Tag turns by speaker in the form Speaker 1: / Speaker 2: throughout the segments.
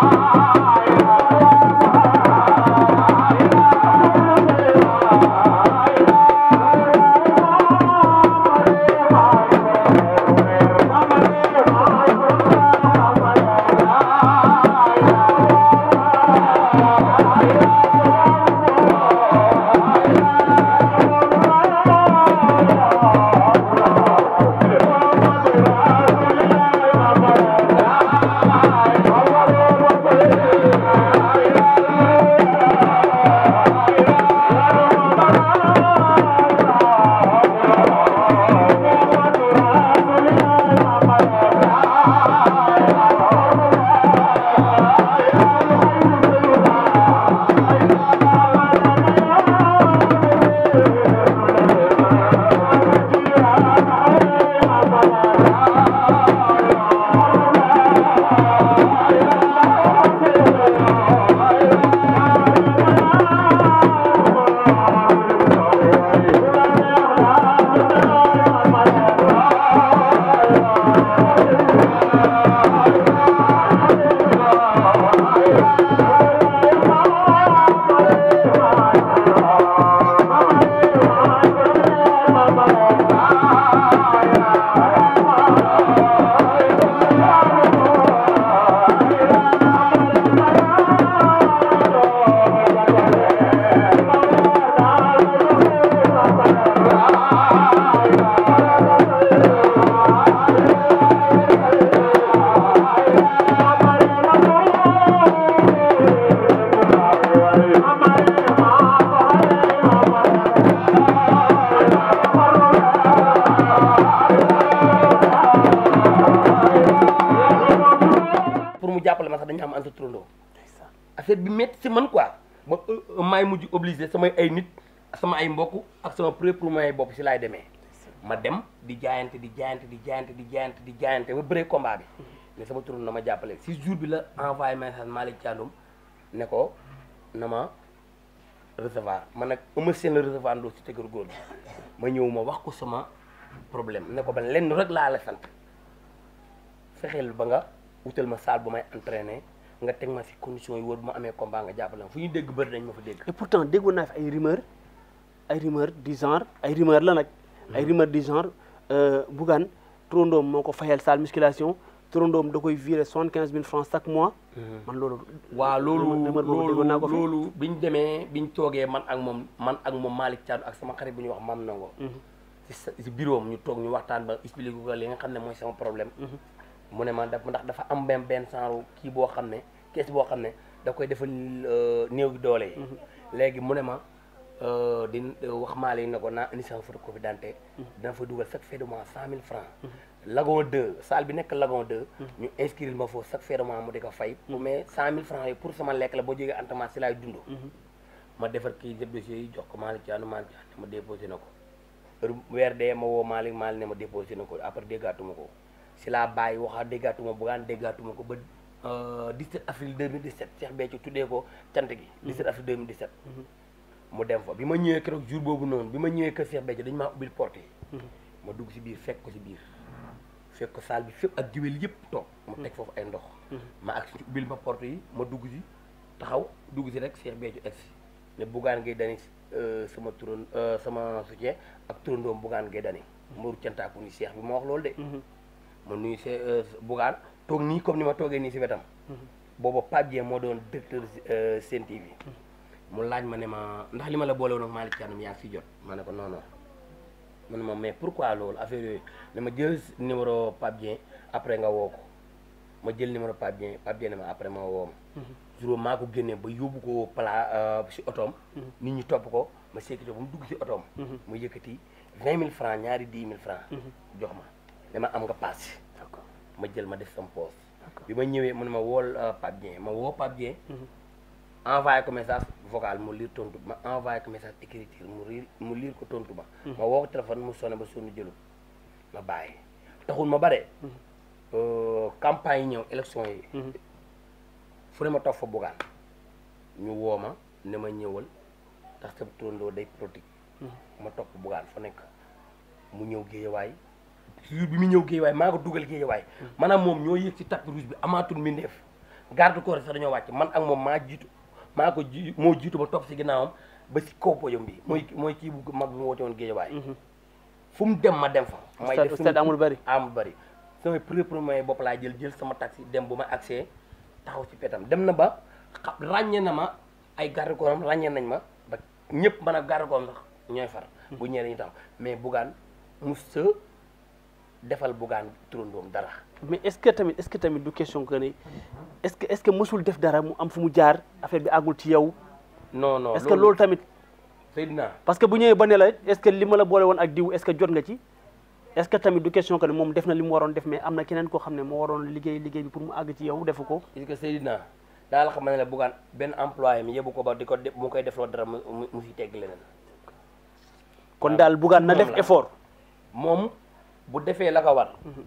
Speaker 1: Ah! Thank you. jàppale ma sax dañu am antu turandoo affaire bi métti si man quoi ba euh, may mujj obligé samay ay nit sama ay mbokk ak sama propre moyen bopp si laay demee ma dem di jaayante di jaayante di jaayante di jaayante di jaayante ba bëree combat bi ne sama turandoo na ma jàppale si jour bi la envoyé message Malick Thiandoum ne ko na ma recevoir man nag ama seen la recevoir ndoo si tëgër góor bi ma ñëw ma wax ko sama problème ne ko ba lenn rek laa la sant fexeel ba nga wutal ma salle bu may entraîner nga teg ma fi condition yi wóor bu ma amee combat nga jàppale ma fu ñu dégg bëri dañ ma fa dégg. et pourtant déggoon naa fi ay rumeur ay rumeur ay rumeur la nag. ay rumeur du genre euh, Bougane trondoom moo ko fayal salle musculation trondoom da koy viré soixante quinze mille francs chaque mois. Mm-hmm. man loolu. waaw loolu loolu loolu bi ñu demee bi ñu toogee man ak moom man ak moom Malick Thiam ak sama xarit bu ñuy wax Mam Nango. ci mm-hmm. bureau am ñu toog mu ne ma daf ndax dafa am benn benn genre kii boo xam ne kees boo xam ne da koy defal euh, néew doole yi mhm. léegi mu ne ma euh, di euh, wax maale yi ne ko naa indi sama photocopie d'identité mhm. dina fa dugal chaque fin de mille francs mhm. lagon 2 salle bi nekk lagon 2 ñu inscrire ma foofu chaque fin de mu di ko fay mais cent mille francs yi pour sama lekk la boo jógee antamen si laay dund ma defar kii yëpp jox ko Malick Thianou Malick Thianou ma déposé na ko weer dee ma woo Malick Malick ne ma déposé na ko après déggaatuma ko si la bàyyi waxa bu gan déggaatuma ko ba 17 eh, avril 2017 Cheikh Béthio tuddee ko cant gi 17 mhm. avril 2017 mhm. mu dem fa bima ñëwé ñëwee jour bobu non bima ñëwé ke Cheikh Béthio dañ ma ubil porte yi mhm. ma dugg ci biir fekk ko ci biir fekk ko saal bi fekk ak jiwel yépp tok mu tek fofu ay ndox ma ak si ubbil ma porte yi ma dugg ci taxaw dugg ci rek Cheikh Béthio egsi ne Bougane Gueye Dany eh, sama turon eh, sama soutien ak bu gan ngay Gueye Dany mbaru cantaaku ni Cheikh bi mo wax loolu de ma nuyu see euh, Bougane toog nii comme ni ma toogee nii si wetam. booba Pape moo doon directeur euh, Sen bi mu laaj ma ne ma ndax li ma la boole woon ak Malick Thiandoum yaa si jot ma ne ko non non ma mais pourquoi loolu affaire yooyu ne ma jël numéro Pape Dieng après nga woo ko ma jël numéro Pape Dieng Pape Dieng ne ma après ma woo ma. juróom maa ko génnee ba yóbbu ko pla euh, si otoom. nit ñi topp ko ma sécurité ba mu dugg si otoom. mu mhm. yëkkati vingt mille francs ñaari dix mille mhm. jox ma. ne ma am nga paas ma jël ma def sama bi ma ñëwee mu ne ma wool euh, Pape Dieng ma woo Pape Dieng mhm. envoyé ko message vocal mu lire tontu ma envoyé ko message écriture mu liir mu lire ko tontu ma mhm. ma woo ko téléphone mu sonné ba sonn jëlu ma bàyyi taxul ma bare mhm. euh, campagne yi ñëw élection yi fu ne ma toog fa ñu woo ma ne ma ñëwal ndax sa turandoo day politique ma topp bugaan fa nekk mu ñëw géejawaay jour bi mu ñëw géewaay maa ko dugal géewaay maanaam moom ñoo yëg ci tapis rouge bi amaatul mbindeef garde corps sax dañoo wàcc man ak moom maa jiitu maa ko moo jiitu ba topp si ginnaawam ba si kaw podium bi mooy mooy kii bu mag bi mu woote woon géewaay mhm. fu mu dem ma dem fa may def amul bëri amul bëri samay premier bopp laa jël jël sama taxi dem bu ma accès taxaw ci petam dem na ba xa ràññee na ma ay garde corps ràññee nañ ma ba ñëpp man ak garde corps am sax ñooy far mhm. bu mais bugaan mu sa defal Bougane turandoom dara. mais est-ce que tamit est-ce que tamit du question que ne est-ce que est-ce mësul def dara mu am fu mu jaar affaire bi àggul ci yow. non non est-ce loolu tamit. Seydina parce que bu ñëwee ba ne la est-ce que li ma la boole woon ak diw est-ce que jot nga ci. est tamit du question que ne moom def na li mu waroon def mais am na keneen koo xam ne moo waroon liggéey liggéey bi pour mu àgg ci yow defu ko. est-ce que Seydina daal xam ne la Bougane benn employé mi yóbbu ko ba di ko mu koy defloo dara mu mu mu teg leneen. kon daal Bougane na def effort moom. bu defee la ko war mhm.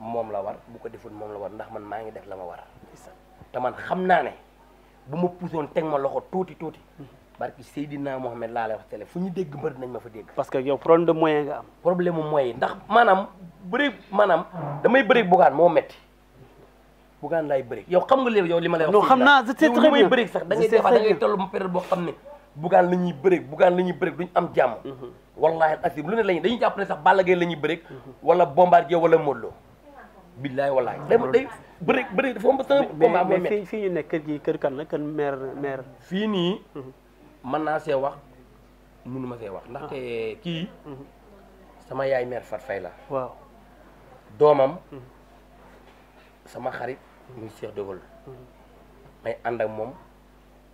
Speaker 1: moom la war bu ko deful moom la war ndax man maa ngi def la ma war te man xam naa ne bu ma puusoon teg ma loxo tuuti tuuti mhm. barki naa Mohamed laa lay wax télé fu ñu dégg mbër nañ ma fa dégg parce que yow problème de moyen nga am problème mu moyen ndax maanaam bëri maanaam damay bëri bugaan moo metti bugaan laay bëri yow xam nga léegi yow li ma lay wax xam naa je sais sax da ngay defaat da période boo xam ne Bukan la break bukan lenyi break ñuy bëreeg duñ am jàmm. Mhm. wallaahi ak lu ne lañuy dañuy jàpp ne sax Balla Gaye Break, break, mhm. bëreeg. wala Bombardier wala Modou Lô. billaay wallaahi ah, day break break bëreeg sama combat mooy mais fii ñu nekk kër gi kër kan la kër maire maire. fii nii. Mhm. mën naa see wax mënu ah. sama yaay maire Fat Faye la. waaw doomam. sama xarit muy Cheikh Dégol. may ànd ak moom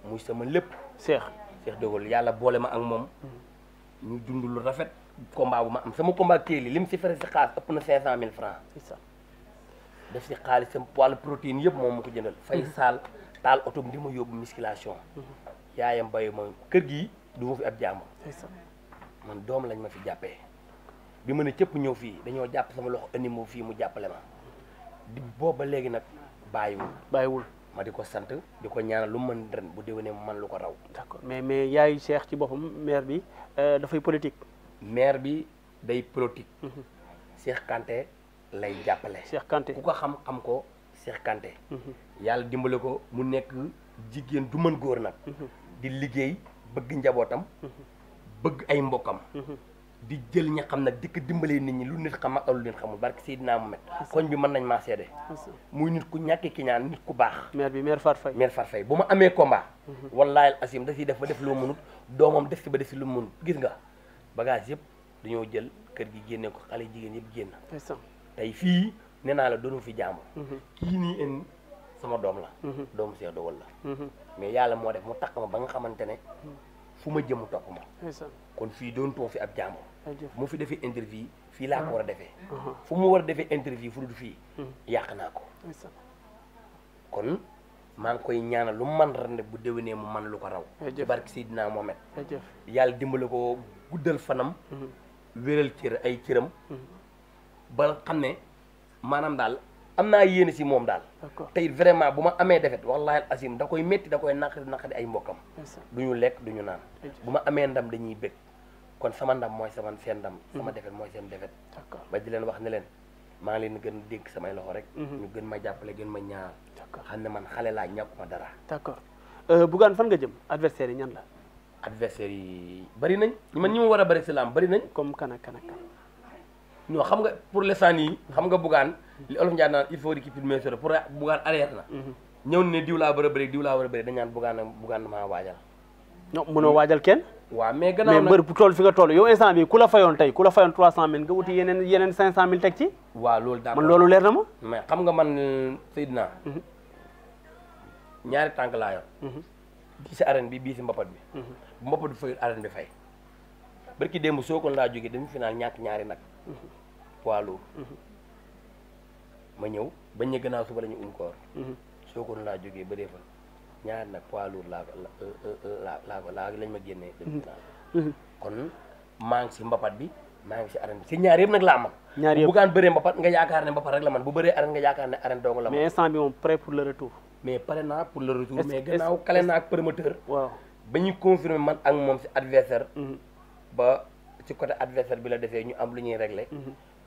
Speaker 1: muy sama Cheikh. seex Dégol yàlla boole ma ak moom ñu dund lu rafet combat bu ma am sama combat kéeli lim si fere si xaalis ëpp na cinq cent mille francs def si xaalisam poil protéine yëpp moom mu ko jëndal mm-hmm. fay saal taal oto di ma yóbbu musculation mm-hmm. yaayam bay ma kër gi du ma fi ab jàmm man doom lañ ma fi jàppee bi ma ne cëpp ñëw fii dañoo jàpp sama loxo animaux fii mu jàppale ma di booba léegi nag bàyyiwul bàyyiwul ma di ko sant di ko ñaanal lu mën ren bu déwénee man lu ko raw. d'accord mais mais yaayu Cheikh ci boppam maire bi euh, dafay politique. maire bi day politique. Mhm. Cheikh Kanté lay jàppale. Cheikh Kanté ku ko xam xam ko Cheikh Kanté. Mhm. yàlla dimbale ko mu nekk jigéen du mën góor nag. Mhm. di liggéey bëgg njabootam. bëgg ay mbokkam. di jël ña xam nag di ko dimbalee nit ñi lu nit xam ak lu nit xamul barke Seydina Mohamed koñ bi mën nañ maa seede muy nit ku ñàkkee ki ñaan nit ku baax maire bi maire Fat Faye maire Fat Faye bu ma amee combat mhm. wallahi al asim da siy def ba def loo mënut doomam def si ba def si lu mënut gis nga bagage yëpp dañoo jël kër gi génne ko xale jigéen yëpp génn tey fii nee la doonu fi jaamul mhm. kii nii en sama doom la mhm. doomu Seydou Walla mais yàlla moo def mu takk ma ba nga xamante ne fu ma jëm topp ma kon fii doon too fi ab jàmbur mu fi defee interview fii laa ko ah. war a defee uh-huh. fu mu war a defee interview fu dul fii hmm. yàq naa ko kon maa ngi koy ñaanal lu man rande bu déwénee mu man lu ko raw ci barke Seydina Mohamed yàlla dimbali ko guddal fanam hmm. wéral cër ay cëram hmm. ba xam ne maanaam daal amna yene ci si dal tay vraiment Buma ma amee wallahi al azim da koy métti da koy naqari naqari ay mbokam duñu lek duñu nan buma amé bu ma ndam dañuy bëgg kon sama ndam moy sama sen ndam mhm. sama defet moy sen defet ba di len wax ne len ma ngi len gën dégg samay loxo rek mhm. ñu gën ma jappalé gën ma ñaar xamné man dara d'accord euh, gan fan nga jëm adversaire ñan la adversaire bari nañ ñu man ñi wara bari salam bari nañ comme kan ak kan, kan? xam nga pour l'instant xam nga gan li olof Ndiaye naan il faut récupérer le meilleur pour Bougane arrière na. Mhm. ñëw ne diw laa war a bëri diw laa war a bëri dañu naan Bougane Bougane maa waajal. non mënoo waajal kenn. waaw mais gannaaw nag mais mbër bu toll fi nga toll yow instant bi ku la fayoon tey ku la fayoon trois cent mille nga wuti yeneen yeneen cinq cent mille teg ci. waaw loolu daa man loolu leer na ma. mais xam nga man euh, Seydina. Mhm. ñaari tànk laa yor. bii mhm. si arène bi bii si mbapat bi. bu mbapat bi fayul arène bi fay. barki démb soo ko laa jógee demi final ñàkk ñaari nag. poids lourd. ma ñëw bañ ne gannaaw suba la ñu um koor mhm. sookoon laa jógee ba deefal ñaar nag poids lourd laa ko euh, euh, euh, laa laa ko laa lañ ma génnee demi-finale mhm. mhm. kon maa ngi si mbapat bi maa ngi si arène bi si ñaar yëpp nag laa man ñaar yëpp bu gaan bëree mbapat nga yaakaar ne mbapat rek la man bu bëree arène nga yaakaar ne arène dong la man mais instant bi moom prêt pour le retour mais pare naa pour le retour mais gannaaw kale naa ak promoteur waaw ba ñu confirmer man ak moom si adversaire ba ci côté adversaire bi la defee ñu am lu ñuy réglé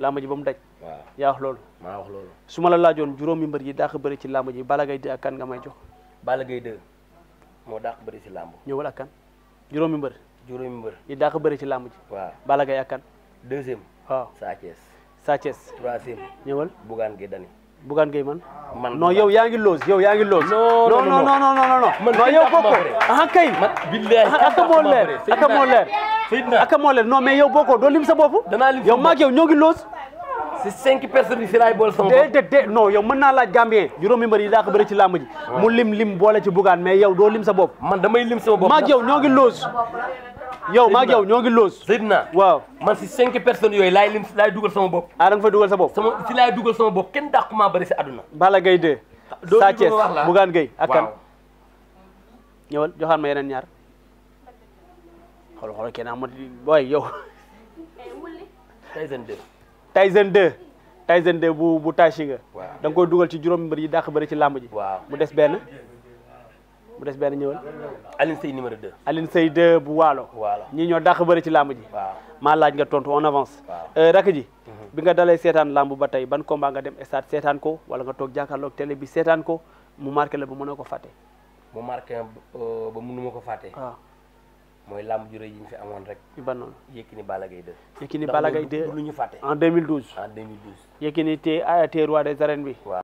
Speaker 1: laama ji ba mu daj ya yaa wax loolu maa wax loolu su ma la laajoon juróomi mbër yi dàq bëri ci laama ji Balla Gaye 2 nga may jo Balla Gaye moo dàq bëri ci làmb ñëwal ak kan juróomi mbër juróomi mbër yi dàq bëri ci làmb ji waaw Balla Gaye Sa Sa Thiès troisième ñëwal Bougane Gueye Dany Bougane Gueye man man non yow yaa ngi loos yow yaa ngi loos non non non non non non yow bokkoo ah, ah, ah leer aka moo leen non mais yow bokkoo doo lim sa bopp. danaa lim sa bopp yow maag yow ñoo ngi loos. si cinq personnes yi si laay boole sama bopp. déedéet non yow man naa laaj Gambien juróomi mbër yi daa ko bëri ci làmb ji. mu lim lim boole ci bugaan mais yow doo lim sa bopp. man damay lim sama bopp maag yow ñoo ngi loos. yow maa ngi ñoogi ñoo ngi loos. waaw man si cinq personnes yooyu laay lim laay dugal sama bopp. ah da nga fay dugal sa bopp. sama si laay dugal sama bopp kenn dàqu maa bëri si àdduna. Balla Gaye 2. Sa Thiès Bougane Gueye ak kan ñëwal joxaan ma yeneen ñaar xool xool kenn amut booy yow. Tyson de Tyson 2. bu bu tàcci nga. da nga koy dugal ci juróom mbër yi dàq bëri ci làmb ji. waaw mu des benn. mu des benn ñëwal. Aline Seye numéro de Aline Seye bu waalo. waalo ñii ñoo dàq bëri ci làmb ji. waaw maa laaj nga tontu en avance. waaw euh, rakk ji. Mhm. bi nga dalee seetaan làmb ba tey ban combat nga dem stade seetaan ko wala nga toog jàkkaarloog télé bi seetaan ko mu marqué la ba mënoo ko fàtte. mu marqué euh, ba mënuma ko fàtte. waaw ah. mooy lam ju rëy yi ñu fi amoon rek. ban noonu Yékini Balla Gaye 2. Yékini Balla Gaye 2 lu ñu fàtte. en 2012 en 2012. Yékini te ah, te roi des arènes bi. waaw.